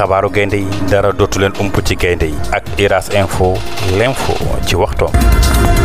xabaaru gaynde yi dara dootu leen ump ci gaynde yi ak Uras info l'info ci waxtoom